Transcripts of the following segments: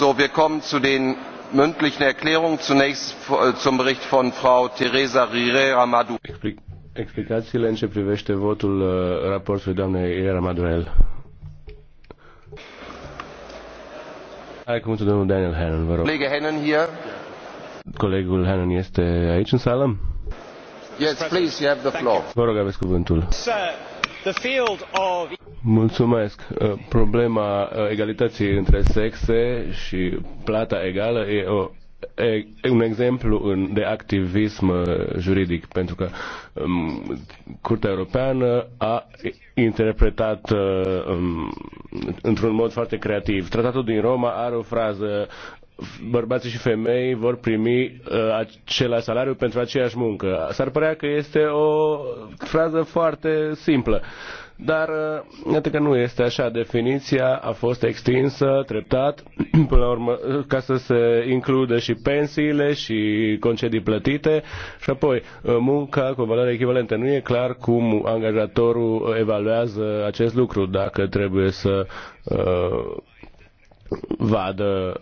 So, wir kommen zu den mündlichen Erklärungen. Zunächst äh, zum Bericht von Frau Teresa Riera Madurell. Explic explicațiile în ce privește votul uh, raportului doamnei domnul Daniel Hannon, vă rog. Colegul Hannon here. Colegul Hannon este aici în sală? Yes, please, you have the floor. Vă rog, aveți cuvântul. Sir. Mulțumesc. Uh, problema uh, egalității între sexe și plata egală e, o, e un exemplu de activism uh, juridic, pentru că um, Curtea Europeană a interpretat um, într-un mod foarte creativ. Tratatul din Roma are o frază bărbații și femei vor primi uh, același salariu pentru aceeași muncă. S-ar părea că este o frază foarte simplă. Dar uh, iată că nu este așa. Definiția a fost extinsă treptat, până la urmă, ca să se includă și pensiile și concedii plătite și apoi uh, munca cu valoare echivalentă. Nu e clar cum angajatorul evaluează acest lucru, dacă trebuie să uh, vadă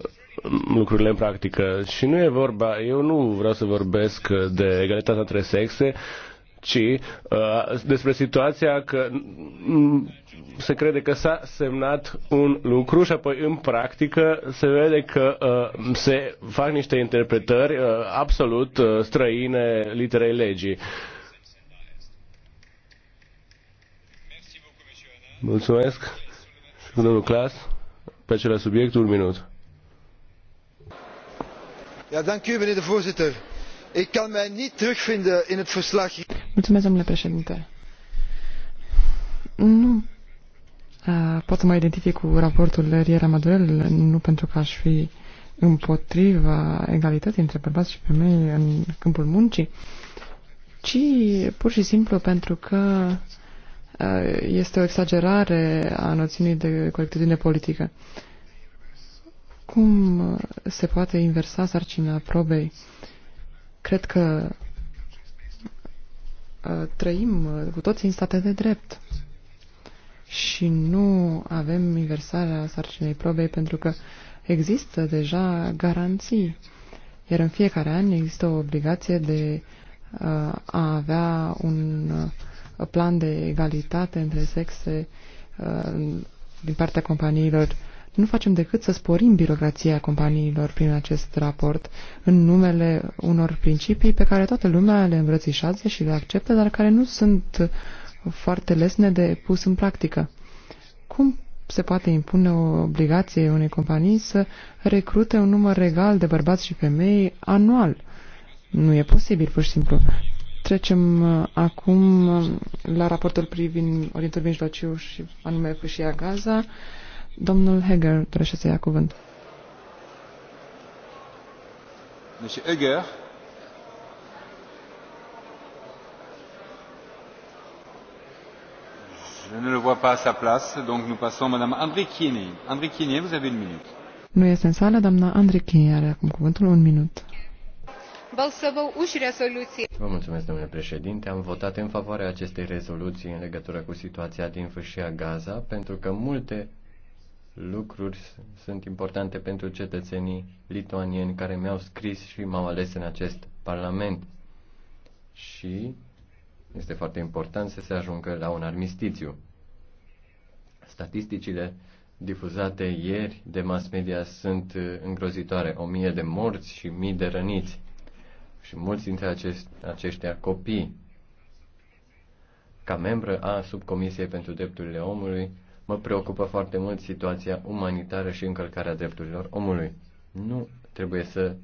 lucrurile în practică. Și nu e vorba, eu nu vreau să vorbesc de egalitatea între sexe, ci uh, despre situația că se crede că s-a semnat un lucru și apoi în practică se vede că uh, se fac niște interpretări uh, absolut uh, străine literei legii. Mulțumesc. Domnul Clas, pe acela subiect, un minut voorzitter ik kan mij niet terugvinden in het verslag. domnule președinte nu eh, pot să mă identific cu raportul riera madurel nu pentru că aș fi împotriva egalității între bărbați și femei în câmpul muncii ci pur și simplu pentru că eh, este o exagerare a noțiunii de corectitudine politică. Uh, cum se poate inversa sarcina probei? Cred că uh, trăim uh, cu toții în state de drept și nu avem inversarea sarcinei probei pentru că există deja garanții. Iar în fiecare an există o obligație de uh, a avea un plan de egalitate între sexe din partea companiilor nu facem decât să sporim birocrația companiilor prin acest raport în numele unor principii pe care toată lumea le îmbrățișează și le acceptă, dar care nu sunt foarte lesne de pus în practică. Cum se poate impune o obligație unei companii să recrute un număr regal de bărbați și femei anual? Nu e posibil, pur și simplu. Trecem uh, acum uh, la raportul privind Orientul Mijlociu și anume Fâșia Gaza. Domnul Heger dorește să ia cuvânt. Monsieur Heger. Je ne le vois pas à sa place, donc nous passons Madame André Andrikini, vous avez une minute. Nu este în sală, doamna Andrikini are acum cuvântul un minut. Vă mulțumesc, domnule președinte. Am votat în favoarea acestei rezoluții în legătură cu situația din fâșia Gaza, pentru că multe lucruri sunt importante pentru cetățenii lituanieni care mi-au scris și m-au ales în acest Parlament. Și este foarte important să se ajungă la un armistițiu. Statisticile difuzate ieri de mass media sunt uh, îngrozitoare. O mie de morți și mii de răniți. Și mulți dintre acest, aceștia copii. Ca membră a Subcomisiei pentru Drepturile Omului, Mă preocupă foarte mult situația umanitară și încălcarea drepturilor omului. Nu trebuie să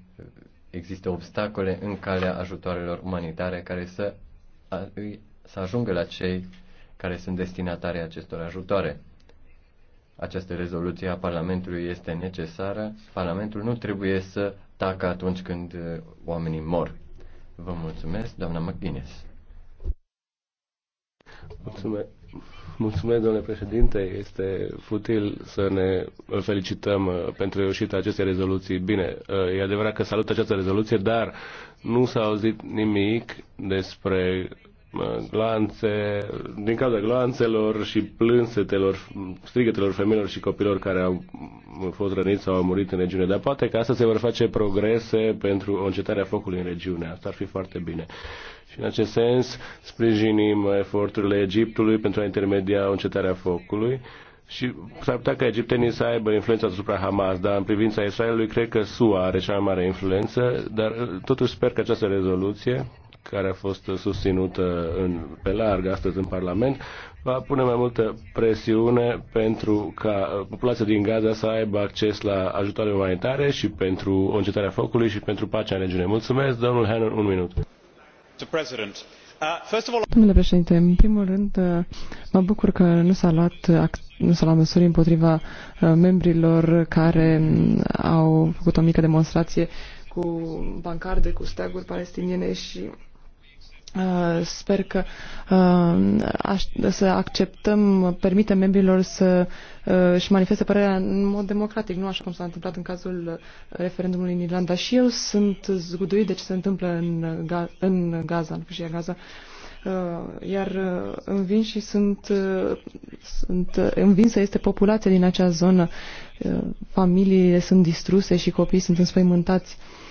există obstacole în calea ajutoarelor umanitare care să, să ajungă la cei care sunt destinatari acestor ajutoare. Această rezoluție a Parlamentului este necesară. Parlamentul nu trebuie să tacă atunci când uh, oamenii mor. Vă mulțumesc, doamna McGuinness. Mulțumesc. Mulțumesc, domnule președinte. Este futil să ne felicităm uh, pentru reușita acestei rezoluții. Bine, uh, e adevărat că salut această rezoluție, dar nu s-a auzit nimic despre uh, glanțe, din cauza glanțelor și plânsetelor, strigătelor femeilor și copilor care au fost răniți sau au murit în regiune. Dar poate că asta se vor face progrese pentru o încetare a focului în regiune. Asta ar fi foarte bine. Și în acest sens sprijinim eforturile Egiptului pentru a intermedia o încetare a focului. Și s-ar putea ca egiptenii să aibă influența asupra Hamas, dar în privința Israelului cred că SUA are cea mai mare influență, dar totuși sper că această rezoluție care a fost susținută în, pe larg astăzi în Parlament, va pune mai multă presiune pentru ca populația din Gaza să aibă acces la ajutoare umanitare și pentru încetarea focului și pentru pacea în regiune. Mulțumesc, domnul Hannon, un minut. Uh, Domnule președinte, în primul rând uh, mă bucur că nu s-a luat, nu s-a luat măsuri împotriva uh, membrilor care mm, au făcut o mică demonstrație cu bancarde, cu steaguri palestiniene și Uh, sper că uh, să acceptăm, permite membrilor să uh, își manifeste părerea în mod democratic, nu așa cum s-a întâmplat în cazul referendumului în Irlanda. Și eu sunt zguduit de ce se întâmplă în, în Gaza, în fâșia Gaza. Iar învin și sunt, sunt învinsă este populația din acea zonă. Familiile sunt distruse și copiii sunt înspăimântați. Uh,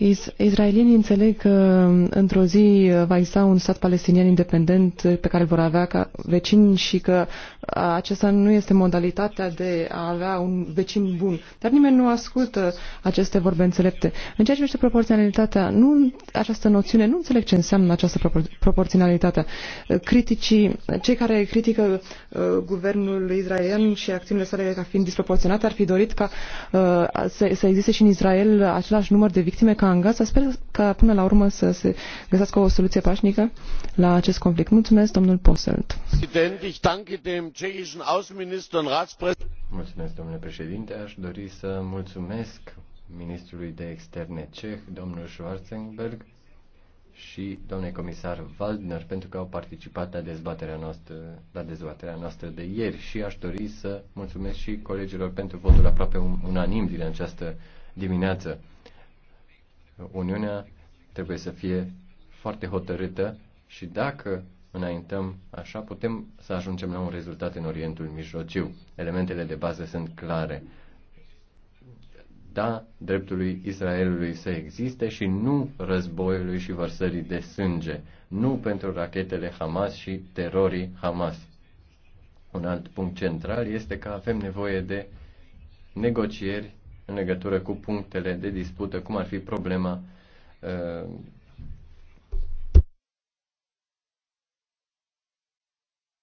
Is Israelienii înțeleg că mm, într-o zi uh, va exista un stat palestinian independent uh, pe care îl vor avea ca vecin și că uh, acesta nu este modalitatea de a avea un vecin bun. Dar nimeni nu ascultă aceste vorbe înțelepte. În ceea ce privește proporționalitatea, nu, această noțiune, nu înțeleg ce înseamnă această propor proporționalitate. Criticii, cei care critică uh, guvernul israelian și acțiunile sale ca fiind disproporționate ar fi dorit ca uh, să, să existe și în Israel același număr de victime ca în să Sper că până la urmă să se găsească o soluție pașnică la acest conflict. Mulțumesc, domnul Posselt. Mulțumesc, domnule președinte. Aș dori să mulțumesc ministrului de externe ceh, domnul Schwarzenberg, și domnule comisar Waldner pentru că au participat la dezbaterea noastră, la dezbaterea noastră de ieri și aș dori să mulțumesc și colegilor pentru votul aproape unanim din această dimineață. Uniunea trebuie să fie foarte hotărâtă și dacă înaintăm așa, putem să ajungem la un rezultat în Orientul Mijlociu. Elementele de bază sunt clare. Da, dreptului Israelului să existe și nu războiului și vărsării de sânge. Nu pentru rachetele Hamas și terorii Hamas. Un alt punct central este că avem nevoie de negocieri în legătură cu punctele de dispută, cum ar fi problema uh,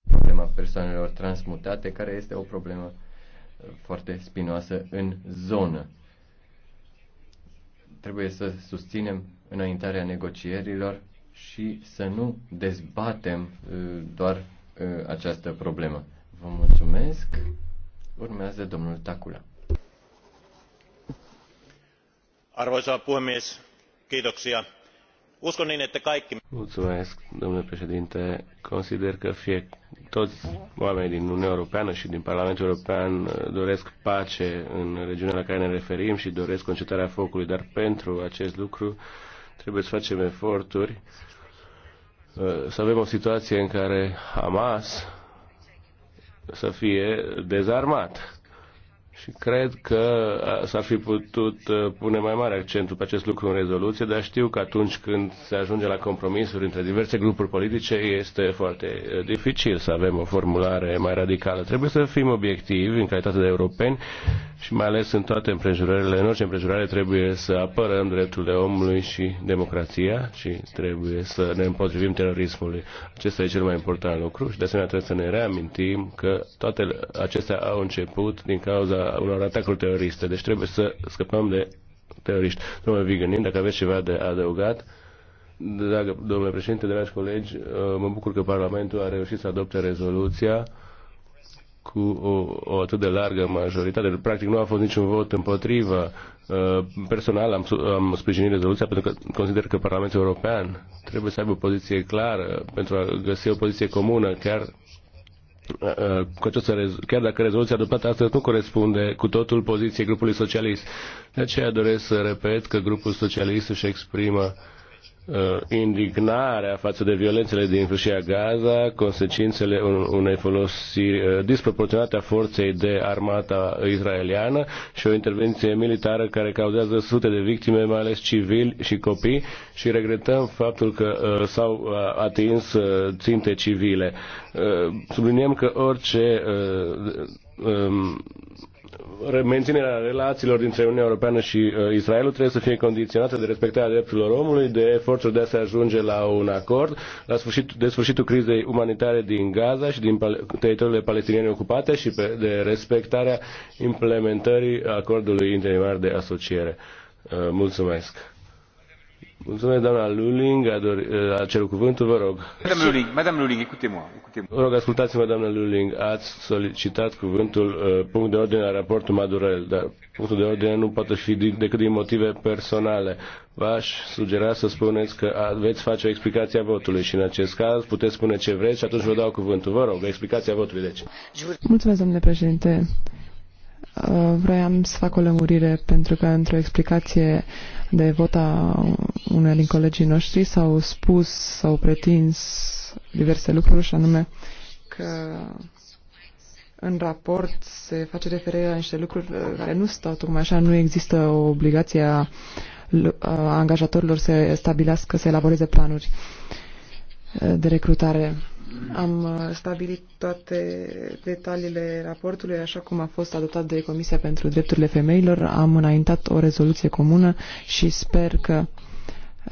problema persoanelor transmutate, care este o problemă uh, foarte spinoasă în zonă. Trebuie să susținem înaintarea negocierilor și să nu dezbatem uh, doar această problemă. Vă mulțumesc. Urmează domnul Tacula arvoisa puhemies uskon niin että kaikki. Mulțumesc, domnule președinte. Consider că fie toți oamenii din Uniunea Europeană și din Parlamentul European uh, doresc pace în regiunea la care ne referim și doresc încetarea focului, dar pentru acest lucru trebuie să facem eforturi uh, să avem o situație în care Hamas să fie dezarmat și cred că s-ar fi putut uh, pune mai mare accentul pe acest lucru în rezoluție, dar știu că atunci când se ajunge la compromisuri între diverse grupuri politice este foarte uh, dificil să avem o formulare mai radicală. Trebuie să fim obiectivi în calitate de europeni și mai ales în toate împrejurările, în orice împrejurare trebuie să apărăm drepturile omului și democrația și trebuie să ne împotrivim terorismului. Acesta e cel mai important lucru și de asemenea trebuie să ne reamintim că toate acestea au început din cauza împotriva unor atacuri teroriste. Deci trebuie să scăpăm de teroriști. Domnule Vigănin, dacă aveți ceva de adăugat, dragă, domnule președinte, dragi colegi, uh, mă bucur că Parlamentul a reușit să adopte rezoluția cu o, o atât de largă majoritate. Deci, practic nu a fost niciun vot împotrivă. Uh, personal am, am sprijinit rezoluția pentru că consider că Parlamentul European trebuie să aibă o poziție clară pentru a găsi o poziție comună, chiar Uh, cu această, chiar dacă rezoluția adoptată astăzi nu corespunde cu totul poziției grupului socialist. De aceea doresc să repet că grupul socialist își exprimă Uh, indignarea față de violențele din fâșia Gaza, consecințele unei folosiri uh, disproporționate a forței de armata israeliană și o intervenție militară care cauzează sute de victime, mai ales civili și copii și regretăm faptul că uh, s-au atins ținte civile. Subliniem că orice um, menținerea relațiilor dintre Uniunea Europeană și uh, Israelul trebuie să fie condiționată de respectarea drepturilor omului, de efortul de a se ajunge la un acord, la sfârșit, de sfârșitul crizei umanitare din Gaza și din teritoriile palestiniene ocupate și pe, de respectarea implementării acordului interimar de asociere. Uh, mulțumesc! Mulțumesc, doamna Luling, a, dori, a cerut cuvântul, vă rog. Madame Luling, Madame Luling, écoutez-moi. Écoutez vă rog, ascultați-mă, doamna Luling, ați solicitat cuvântul uh, punct de ordine la raportul Madurel, dar punctul de ordine nu poate fi decât din motive personale. V-aș sugera să spuneți că veți face o explicație a votului și în acest caz puteți spune ce vreți și atunci vă dau cuvântul. Vă rog, explicația votului, deci. Mulțumesc, domnule președinte. Uh, vroiam să fac o lămurire pentru că într-o explicație de vota unei din colegii noștri s-au spus, s-au pretins diverse lucruri și anume că în raport se face referire la niște lucruri uh, care nu stau tocmai așa, nu există o obligație a, a angajatorilor să stabilească, să elaboreze planuri uh, de recrutare. Am uh, stabilit toate detaliile raportului, așa cum a fost adoptat de Comisia pentru Drepturile Femeilor. Am înaintat o rezoluție comună și sper că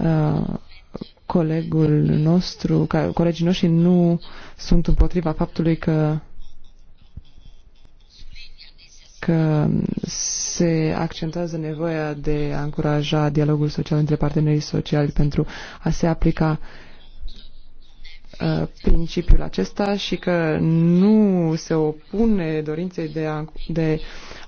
uh, colegul nostru, ca, colegii noștri nu sunt împotriva faptului că că se accentuează nevoia de a încuraja dialogul social între partenerii sociali pentru a se aplica uh, Uh, principiul acesta și că nu se opune dorinței de a, de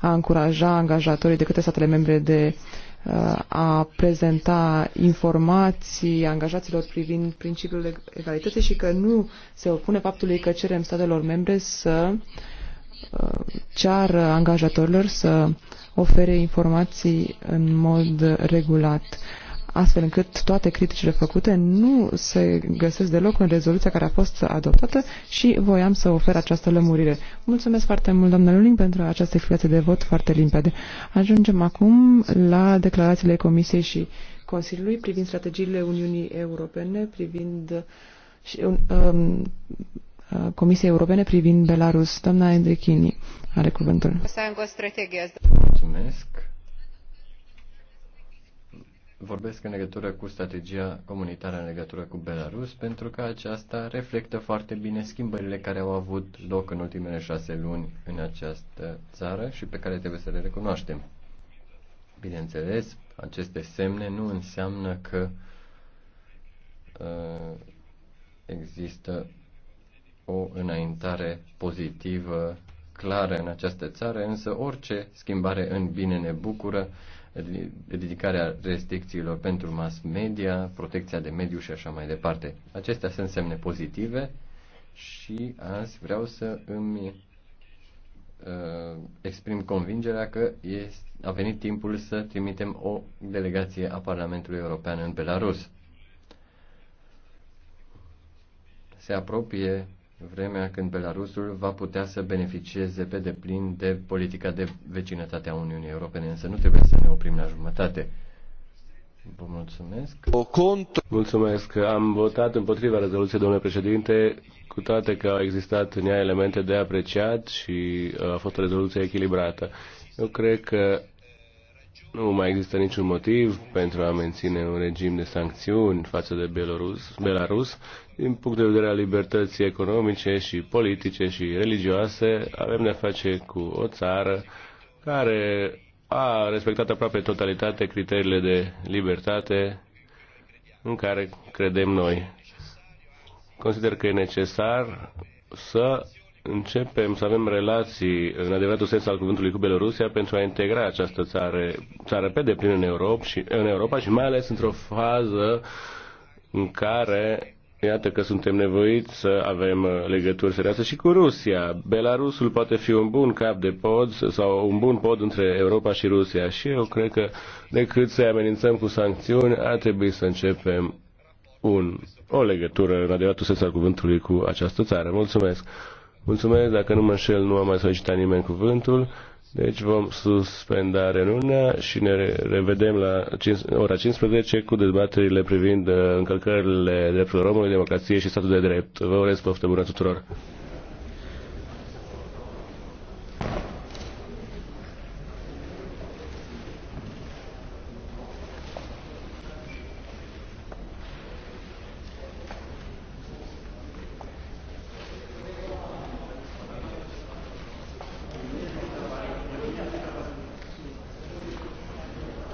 a încuraja angajatorii de către statele membre de uh, a prezenta informații angajaților privind principiul egalității și că nu se opune faptului că cerem statelor membre să uh, ceară angajatorilor să ofere informații în mod regulat astfel încât toate criticile făcute nu se găsesc deloc în rezoluția care a fost adoptată și voiam să ofer această lămurire. Mulțumesc foarte mult, doamnă Luling, pentru această explicație de vot foarte limpede. Ajungem acum la declarațiile Comisiei și Consiliului privind strategiile Uniunii Europene, privind și, um, um Comisiei Europene privind Belarus. Doamna Endrichini are cuvântul. Mulțumesc vorbesc în legătură cu strategia comunitară în legătură cu Belarus, pentru că aceasta reflectă foarte bine schimbările care au avut loc în ultimele șase luni în această țară și pe care trebuie să le recunoaștem. Bineînțeles, aceste semne nu înseamnă că uh, există o înaintare pozitivă clare în această țară, însă orice schimbare în bine ne bucură, ridicarea restricțiilor pentru mass media, protecția de mediu și așa mai departe. Acestea sunt semne pozitive și azi vreau să îmi uh, exprim convingerea că este, a venit timpul să trimitem o delegație a Parlamentului European în Belarus. Se apropie vremea când Belarusul va putea să beneficieze pe deplin de politica de vecinătate a Uniunii Europene, însă nu trebuie să ne oprim la jumătate. Vă mulțumesc. O cont... Mulțumesc. Am votat împotriva rezoluției, domnule președinte, cu toate că au existat în ea elemente de apreciat și uh, a fost o rezoluție echilibrată. Eu cred că nu mai există niciun motiv pentru a menține un regim de sancțiuni față de Belarus, Belarus. Din punct de vedere al libertății economice și politice și religioase, avem de-a face cu o țară care a respectat aproape totalitate criteriile de libertate în care credem noi. Consider că e necesar să începem să avem relații, în adevăratul sens al cuvântului cu Belorusia, pentru a integra această țară, țară pe deplin în Europa, și, în Europa și mai ales într-o fază în care, iată că suntem nevoiți să avem uh, legături serioase și cu Rusia. Belarusul poate fi un bun cap de pod sau un bun pod între Europa și Rusia și eu cred că decât să amenințăm cu sancțiuni, ar trebui să începem un, o legătură, în adevăratul sens al cuvântului, cu această țară. Mulțumesc! Mulțumesc, dacă nu mă înșel, nu am mai solicitat nimeni cuvântul. Deci vom suspenda reuniunea și ne revedem la 5, ora 15 cu dezbaterile privind uh, încălcările drepturilor omului, democrației și statul de drept. Vă urez poftă bună tuturor!